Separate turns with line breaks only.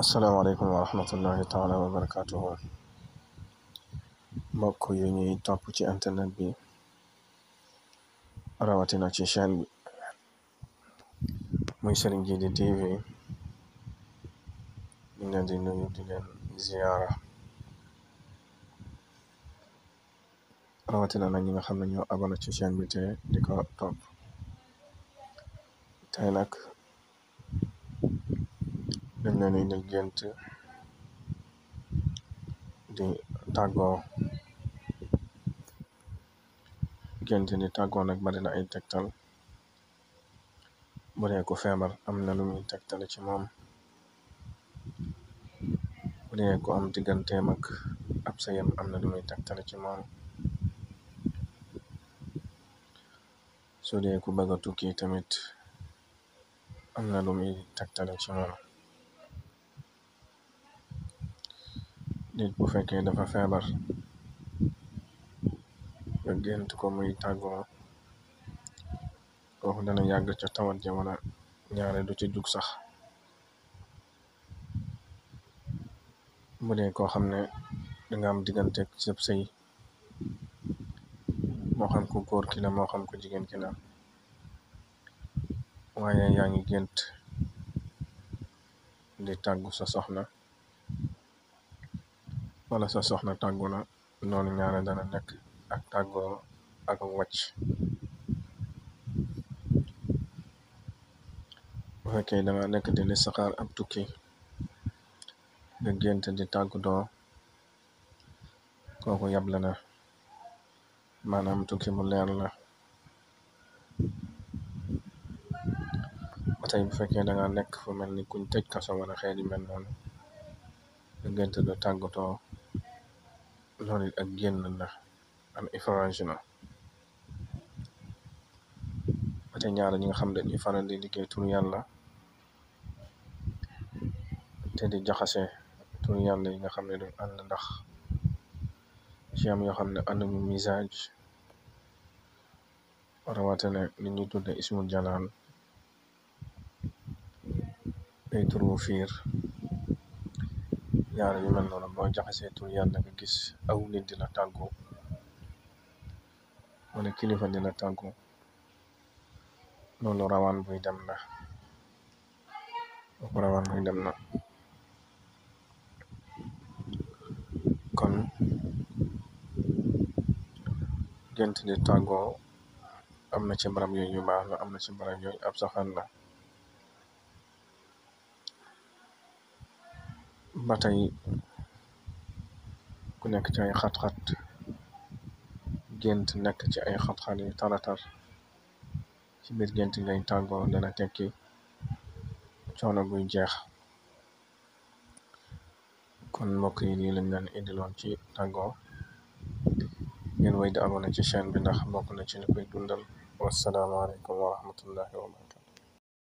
asalaamaaleykum wa rahmatullahi taala wa barakaatuhu mbokk yu ñuy topp ci anternet bi rawatina ci chaîne bi muy Serigne Djily TV ñu leen di nuyu di leen ziyaara rawatina nag ñi nga xam ne ñoo abonné ci chaîne bi te di ko topp tey nag mel na ni day gént di tàggoo gént di tàggoo nag bari na ay tegtal bu dee ku feebar am na lu muy tegtale ci moom bu dee ku am digganteem ak ab sëyam am na lu muy tegtale ci moom su dee ku bëgg tukki tamit am na lu muy tegtale ci moom nit bu fekke dafa febar nga gént ko muy tàggoo kooku dana yàgg ca tawat ja wala ñaare du ci jug sax bu dee koo xam ne danga am diggante sëb sëy moo xam ko góor ki moo xam ko jigéen ki la waaye yaa ngi gént di tàggu sa soxna wala sa soxna tàggu na noonu ñaare dana nekk ak tàggoo ak wàcc bu fekkee danga nekk di listixaar am tukki nga gént di tàggudoo kooku yable na maanaam tukki bu leer la ba tey bu fekkee danga nekk fu mel ni kuñ tëj kaso wala xeet yu mel noonu nga gént di tàggutoo Solid ak genna la am efarange na ate ñaar ñi nga xam dañuy faral di liggéey tur yàlla te di jaxase tur yàlla yi nga xam ne duñ ànd ndax ci am yoo xam ne ànduñu misaaj rawatane li ñuy tudde ismul jalaal ay tur wu fiir. ñaar yu mel noonu boo jaxasee tur yàlla nga gis aw nit di la tàggoo wala kilifa di la tàggoo loolu rawaan buy dem la loolu rawaan buy dem la kon gént di am na ci barab yooyu yu baax la am na ci barab yooyu ab saxaan la. ba tey ku nekk ci ay xat-xat gént nekk ci ay xat-xat yu tara tar ci biir gént gi ngay tàggoo dana tekki coono buy jeex kon mbokk yi lii lañ leen indiloon ci tàggoo ngeen wéy di abonné ci chaîne bi ndax bokk na ci li koy dundal wasalaamaaleykum wa rahmatullahi wa